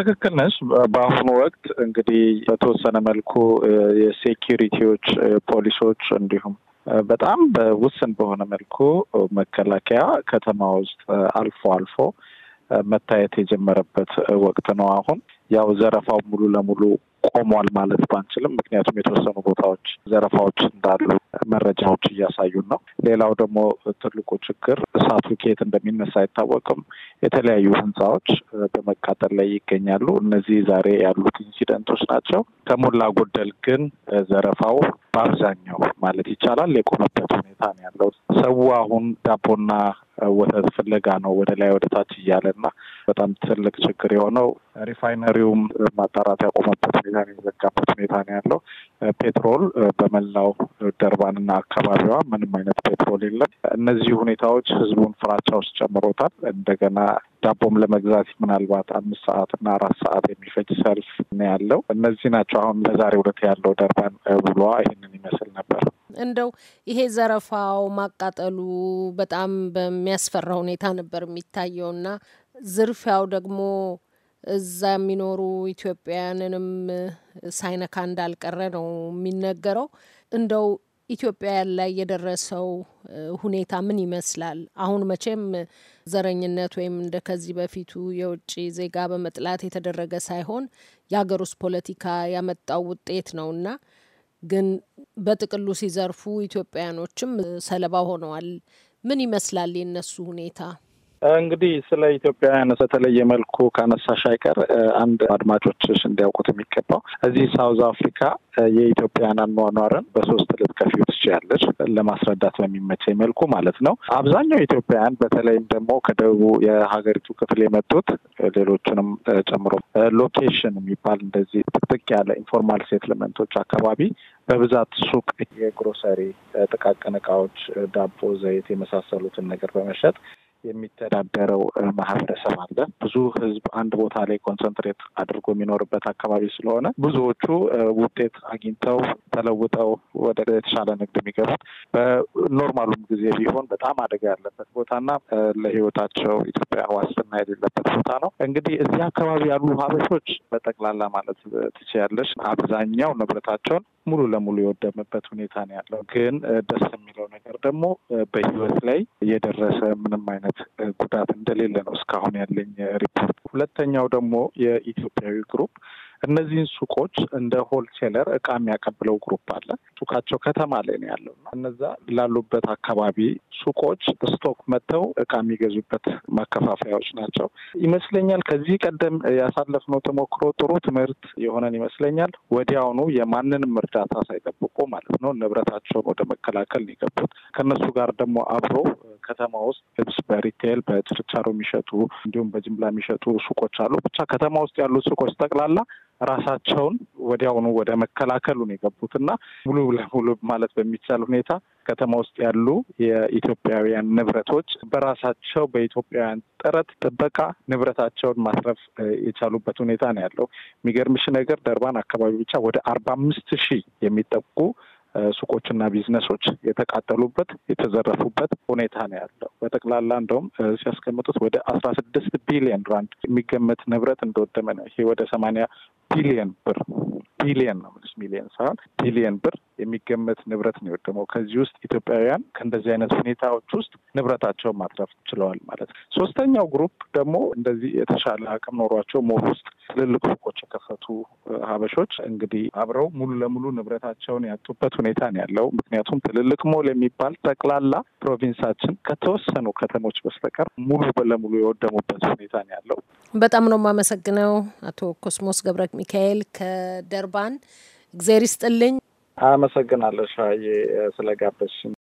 ትክክል ነች በአሁኑ ወቅት እንግዲህ በተወሰነ መልኩ የሴኪሪቲዎች ፖሊሶች እንዲሁም በጣም በውስን በሆነ መልኩ መከላከያ ከተማ ውስጥ አልፎ አልፎ መታየት የጀመረበት ወቅት ነው። አሁን ያው ዘረፋው ሙሉ ለሙሉ ቆሟል ማለት ባንችልም፣ ምክንያቱም የተወሰኑ ቦታዎች ዘረፋዎች እንዳሉ መረጃዎች እያሳዩን ነው። ሌላው ደግሞ ትልቁ ችግር እሳቱ ከየት እንደሚነሳ አይታወቅም። የተለያዩ ህንፃዎች በመቃጠል ላይ ይገኛሉ። እነዚህ ዛሬ ያሉት ኢንሲደንቶች ናቸው። ከሞላ ጎደል ግን ዘረፋው በአብዛኛው ማለት ይቻላል የቆመበት ሁኔታ ነው ያለው። ሰው አሁን ዳቦና ወተት ፍለጋ ነው ወደ ላይ ወደ ታች እያለ እና በጣም ትልቅ ችግር የሆነው ሪፋይነሪውም ማጣራት ያቆመበት ሁኔታ ነው፣ የዘጋበት ሁኔታ ነው ያለው። ፔትሮል በመላው ደርባንና አካባቢዋ ምንም አይነት ፔትሮል የለም። እነዚህ ሁኔታዎች ህዝቡን ፍራቻ ውስጥ ጨምሮታል። እንደገና ዳቦም ለመግዛት ምናልባት አምስት ሰዓት እና አራት ሰዓት የሚፈጅ ሰልፍ ነው ያለው። እነዚህ ናቸው አሁን ለዛሬ ሁለት ያለው ደርባን ብሏ ይህንን ይመስል ነበር። እንደው ይሄ ዘረፋው ማቃጠሉ በጣም በሚያስፈራ ሁኔታ ነበር የሚታየውና ዝርፊያው ደግሞ እዛ የሚኖሩ ኢትዮጵያውያንንም ሳይነካ እንዳልቀረ ነው የሚነገረው። እንደው ኢትዮጵያውያን ላይ የደረሰው ሁኔታ ምን ይመስላል? አሁን መቼም ዘረኝነት ወይም እንደ ከዚህ በፊቱ የውጭ ዜጋ በመጥላት የተደረገ ሳይሆን የሀገር ውስጥ ፖለቲካ ያመጣው ውጤት ነው እና ግን በጥቅሉ ሲዘርፉ ኢትዮጵያውያኖችም ሰለባ ሆነዋል። ምን ይመስላል የነሱ ሁኔታ? እንግዲህ ስለ ኢትዮጵያውያን በተለየ መልኩ ካነሳሽ አይቀር አንድ አድማጮች እንዲያውቁት የሚገባው እዚህ ሳውዝ አፍሪካ የኢትዮጵያን አኗኗርን በሶስት ልብ ከፊው ትችያለሽ ለማስረዳት በሚመቸኝ መልኩ ማለት ነው። አብዛኛው ኢትዮጵያውያን በተለይም ደግሞ ከደቡ የሀገሪቱ ክፍል የመጡት ሌሎችንም ጨምሮ ሎኬሽን የሚባል እንደዚህ ጥቅጥቅ ያለ ኢንፎርማል ሴትልመንቶች አካባቢ በብዛት ሱቅ፣ የግሮሰሪ ጥቃቅን እቃዎች፣ ዳቦ፣ ዘይት የመሳሰሉትን ነገር በመሸጥ የሚተዳደረው ማህበረሰብ አለ። ብዙ ህዝብ አንድ ቦታ ላይ ኮንሰንትሬት አድርጎ የሚኖርበት አካባቢ ስለሆነ ብዙዎቹ ውጤት አግኝተው ተለውጠው ወደ የተሻለ ንግድ የሚገቡት በኖርማሉም ጊዜ ቢሆን በጣም አደጋ ያለበት ቦታና ለህይወታቸው ኢትዮጵያ ዋስትና የሌለበት ቦታ ነው። እንግዲህ እዚህ አካባቢ ያሉ ሀበሾች በጠቅላላ ማለት ትችያለሽ አብዛኛው ንብረታቸውን ሙሉ ለሙሉ የወደመበት ሁኔታ ነው ያለው። ግን ደስ የሚለው ነገር ደግሞ በህይወት ላይ የደረሰ ምንም አይነት ጉዳት እንደሌለ ነው እስካሁን ያለኝ ሪፖርት። ሁለተኛው ደግሞ የኢትዮጵያዊ ግሩፕ እነዚህን ሱቆች እንደ ሆልሴለር እቃ የሚያቀብለው ግሩፕ አለ። ሱቃቸው ከተማ ላይ ነው ያለው እነዛ ላሉበት አካባቢ ሱቆች ስቶክ መጥተው እቃ የሚገዙበት ማከፋፈያዎች ናቸው ይመስለኛል። ከዚህ ቀደም ያሳለፍነው ተሞክሮ ጥሩ ትምህርት የሆነን ይመስለኛል። ወዲያውኑ የማንንም እርዳታ ሳይጠብቁ ማለት ነው ንብረታቸውን ወደ መከላከል ነው የገቡት። ጋር ደግሞ አብሮ ከተማ ውስጥ ልብስ በሪቴል በችርቻሮ የሚሸጡ እንዲሁም በጅምላ የሚሸጡ ሱቆች አሉ። ብቻ ከተማ ውስጥ ያሉት ሱቆች ጠቅላላ ራሳቸውን ወዲያውኑ ወደ ነው የገቡት እና ሙሉ ለሙሉ ማለት በሚቻል ሁኔታ ከተማ ውስጥ ያሉ የኢትዮጵያውያን ንብረቶች በራሳቸው በኢትዮጵያውያን ጥረት ጥበቃ ንብረታቸውን ማስረፍ የቻሉበት ሁኔታ ነው ያለው። የሚገርምሽ ነገር ደርባን አካባቢ ብቻ ወደ አርባ አምስት ሺህ የሚጠቁ ሱቆችና ቢዝነሶች የተቃጠሉበት የተዘረፉበት ሁኔታ ነው ያለው። በጠቅላላ እንደውም ሲያስቀምጡት ወደ አስራ ስድስት ቢሊየን ራንድ የሚገመት ንብረት እንደወደመ ነው። ይሄ ወደ ሰማንያ ቢሊየን ብር ቢሊየን ነው ምንስ ሚሊየን ሳይሆን ቢሊየን ብር የሚገመት ንብረት ነው የወደመው። ከዚህ ውስጥ ኢትዮጵያውያን ከእንደዚህ አይነት ሁኔታዎች ውስጥ ንብረታቸውን ማትረፍ ችለዋል ማለት ነው። ሶስተኛው ግሩፕ ደግሞ እንደዚህ የተሻለ አቅም ኖሯቸው ሞል ውስጥ ትልልቅ ሱቆች የከፈቱ ሀበሾች እንግዲህ አብረው ሙሉ ለሙሉ ንብረታቸውን ያጡበት ሁኔታ ነው ያለው። ምክንያቱም ትልልቅ ሞል የሚባል ጠቅላላ ፕሮቪንሳችን ከተወሰኑ ከተሞች በስተቀር ሙሉ በለሙሉ የወደሙበት ሁኔታ ነው ያለው። በጣም ነው የማመሰግነው አቶ ኮስሞስ ገብረ ሚካኤል ከደርባን እግዜር ይስጥልኝ። አመሰግናለሁ ሻዬ